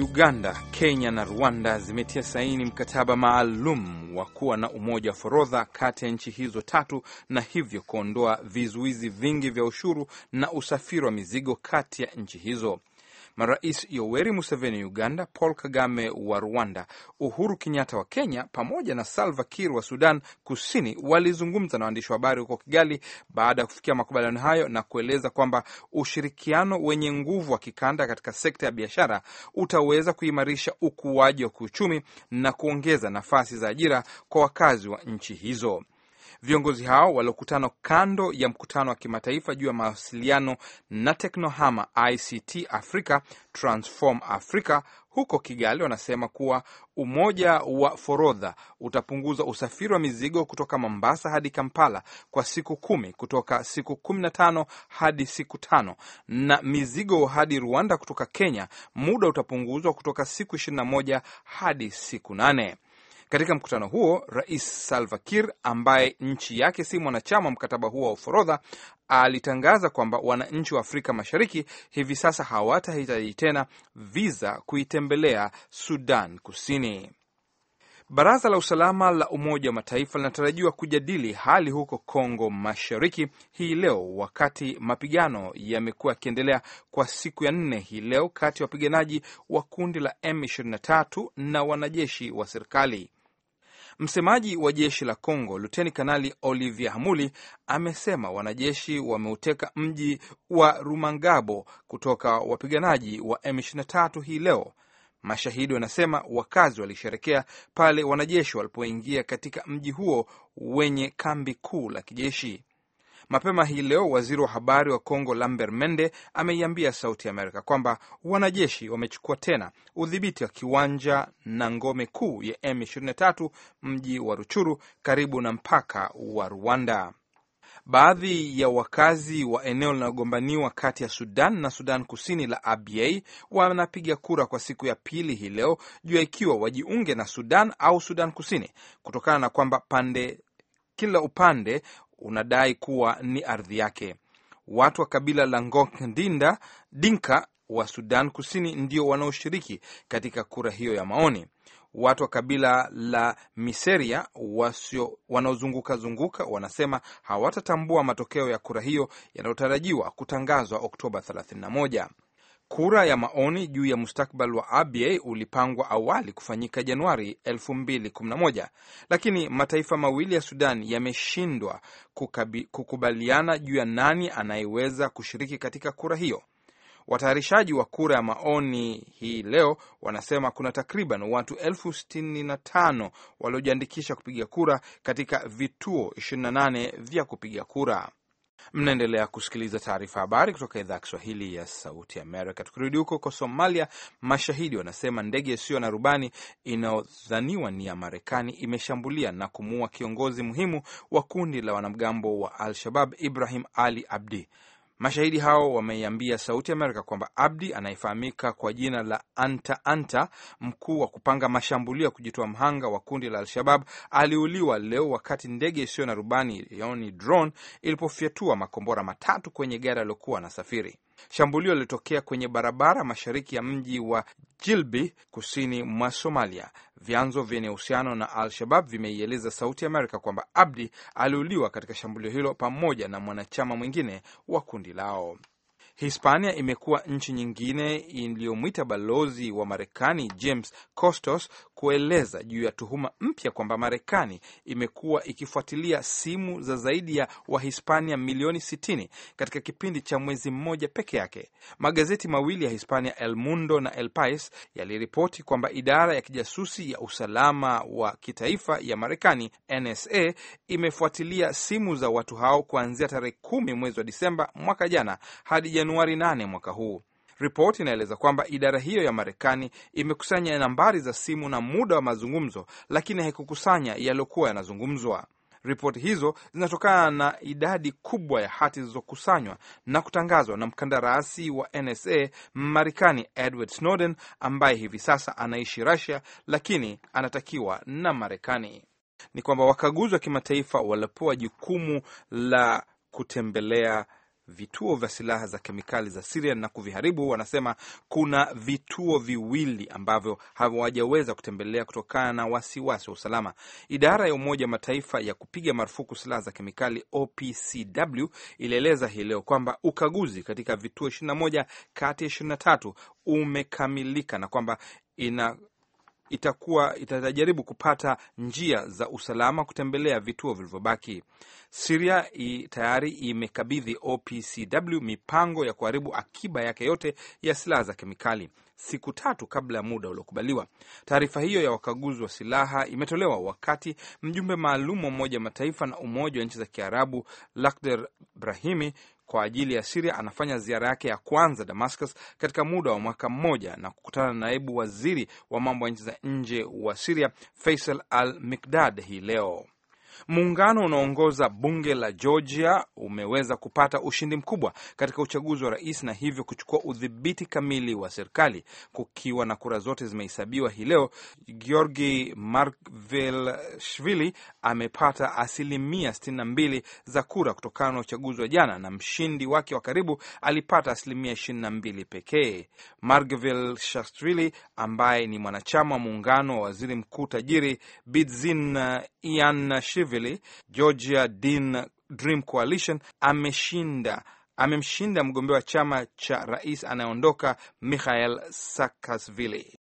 Uganda, Kenya na Rwanda zimetia saini mkataba maalum wa kuwa na umoja wa forodha kati ya nchi hizo tatu na hivyo kuondoa vizuizi vingi vya ushuru na usafiri wa mizigo kati ya nchi hizo marais Yoweri Museveni Uganda, Paul Kagame wa Rwanda, Uhuru Kenyatta wa Kenya pamoja na Salva Kiir wa Sudan Kusini walizungumza na waandishi wa habari huko Kigali baada ya kufikia makubaliano hayo na kueleza kwamba ushirikiano wenye nguvu wa kikanda katika sekta ya biashara utaweza kuimarisha ukuaji wa kiuchumi na kuongeza nafasi za ajira kwa wakazi wa nchi hizo. Viongozi hao waliokutana kando ya mkutano wa kimataifa juu ya mawasiliano na teknohama ICT Africa Transform Africa huko Kigali wanasema kuwa umoja wa forodha utapunguza usafiri wa mizigo kutoka Mombasa hadi Kampala kwa siku kumi kutoka siku kumi na tano hadi siku tano na mizigo hadi Rwanda kutoka Kenya muda utapunguzwa kutoka siku ishirini na moja hadi siku nane. Katika mkutano huo, Rais Salva Kiir ambaye nchi yake si mwanachama mkataba huo wa uforodha alitangaza kwamba wananchi wa Afrika Mashariki hivi sasa hawatahitaji tena viza kuitembelea Sudan Kusini. Baraza la usalama la Umoja wa Mataifa linatarajiwa kujadili hali huko Kongo Mashariki hii leo, wakati mapigano yamekuwa yakiendelea kwa siku ya nne hii leo kati ya wapiganaji wa kundi la M23 na wanajeshi wa serikali. Msemaji wa jeshi la Kongo, luteni kanali olivia Hamuli, amesema wanajeshi wameuteka mji wa Rumangabo kutoka wapiganaji wa M23 hii leo. Mashahidi wanasema wakazi walisherekea pale wanajeshi walipoingia katika mji huo wenye kambi kuu la kijeshi. Mapema hii leo waziri wa habari wa Kongo Lambert Mende ameiambia Sauti ya Amerika kwamba wanajeshi wamechukua tena udhibiti wa kiwanja na ngome kuu ya M23 mji wa Ruchuru karibu na mpaka wa Rwanda. Baadhi ya wakazi wa eneo linalogombaniwa kati ya Sudan na Sudan Kusini la Abyei wanapiga kura kwa siku ya pili hii leo juu ya ikiwa wajiunge na Sudan au Sudan Kusini kutokana na kwamba pande kila upande unadai kuwa ni ardhi yake. Watu wa kabila la Ngok Dinda Dinka wa Sudan Kusini ndio wanaoshiriki katika kura hiyo ya maoni. Watu wa kabila la Miseria wanaozungukazunguka wanasema hawatatambua matokeo ya kura hiyo yanayotarajiwa kutangazwa Oktoba 31. Kura ya maoni juu ya mustakbal wa Abyei ulipangwa awali kufanyika Januari 2011 lakini mataifa mawili ya Sudan yameshindwa kukubaliana juu ya nani anayeweza kushiriki katika kura hiyo. Watayarishaji wa kura ya maoni hii leo wanasema kuna takriban watu elfu sitini na tano waliojiandikisha kupiga kura katika vituo 28 vya kupiga kura. Mnaendelea kusikiliza taarifa habari kutoka idhaa ya Kiswahili ya Sauti Amerika. Tukirudi huko huko Somalia, mashahidi wanasema ndege isiyo na rubani inayodhaniwa ni ya Marekani imeshambulia na kumuua kiongozi muhimu wa kundi la wanamgambo wa Al Shabab, Ibrahim Ali Abdi. Mashahidi hao wameiambia Sauti Amerika kwamba Abdi anayefahamika kwa jina la Anta Anta, mkuu wa kupanga mashambulio ya kujitoa mhanga wa kundi la Al-Shabab, aliuliwa leo wakati ndege isiyo na rubani yaani drone ilipofyatua makombora matatu kwenye gari na anasafiri. Shambulio lilitokea kwenye barabara mashariki ya mji wa Jilbi kusini mwa Somalia. Vyanzo vyenye uhusiano na Al-Shabab vimeieleza Sauti Amerika kwamba Abdi aliuliwa katika shambulio hilo pamoja na mwanachama mwingine wa kundi lao. Hispania imekuwa nchi nyingine iliyomwita balozi wa Marekani James Costos kueleza juu ya tuhuma mpya kwamba Marekani imekuwa ikifuatilia simu za zaidi ya Wahispania milioni 60 katika kipindi cha mwezi mmoja peke yake. Magazeti mawili ya Hispania, El Mundo na El Pais, yaliripoti kwamba idara ya kijasusi ya usalama wa kitaifa ya Marekani, NSA, imefuatilia simu za watu hao kuanzia tarehe kumi mwezi wa Disemba mwaka jana hadi Januari 8 mwaka huu. Ripoti inaeleza kwamba idara hiyo ya Marekani imekusanya nambari za simu na muda wa mazungumzo, lakini haikukusanya yaliyokuwa yanazungumzwa. Ripoti hizo zinatokana na idadi kubwa ya hati zilizokusanywa na kutangazwa na mkandarasi wa NSA Marekani Edward Snowden, ambaye hivi sasa anaishi Russia lakini anatakiwa na Marekani. Ni kwamba wakaguzi wa kimataifa walipewa jukumu la kutembelea vituo vya silaha za kemikali za Siria na kuviharibu. Wanasema kuna vituo viwili ambavyo hawajaweza kutembelea kutokana na wasiwasi wa usalama. Idara ya Umoja wa Mataifa ya kupiga marufuku silaha za kemikali OPCW ilieleza hii leo kwamba ukaguzi katika vituo 21 kati ya 23 umekamilika na kwamba ina itakuwa itajaribu kupata njia za usalama kutembelea vituo vilivyobaki. Siria tayari imekabidhi OPCW mipango ya kuharibu akiba yake yote ya silaha za kemikali siku tatu kabla ya muda uliokubaliwa. Taarifa hiyo ya wakaguzi wa silaha imetolewa wakati mjumbe maalum wa Umoja wa Mataifa na Umoja wa Nchi za Kiarabu Lakhdar Brahimi kwa ajili ya Siria anafanya ziara yake ya kwanza Damascus katika muda wa mwaka mmoja na kukutana na naibu waziri wa mambo ya nchi za nje wa Siria Faisal al Mikdad hii leo. Muungano unaoongoza bunge la Georgia umeweza kupata ushindi mkubwa katika uchaguzi wa rais na hivyo kuchukua udhibiti kamili wa serikali, kukiwa na kura zote zimehesabiwa hii leo. Georgi Margvelashvili amepata asilimia 62 za kura kutokana na uchaguzi wa jana, na mshindi wake wa karibu alipata asilimia 22 pekee. Margvelashvili ambaye ni mwanachama wa muungano wa waziri mkuu tajiri Bidzin Ian Shiv Shrively, Georgia Dean Dream Coalition ameshinda amemshinda mgombea wa chama cha rais anayeondoka Mikhail Saakashvili.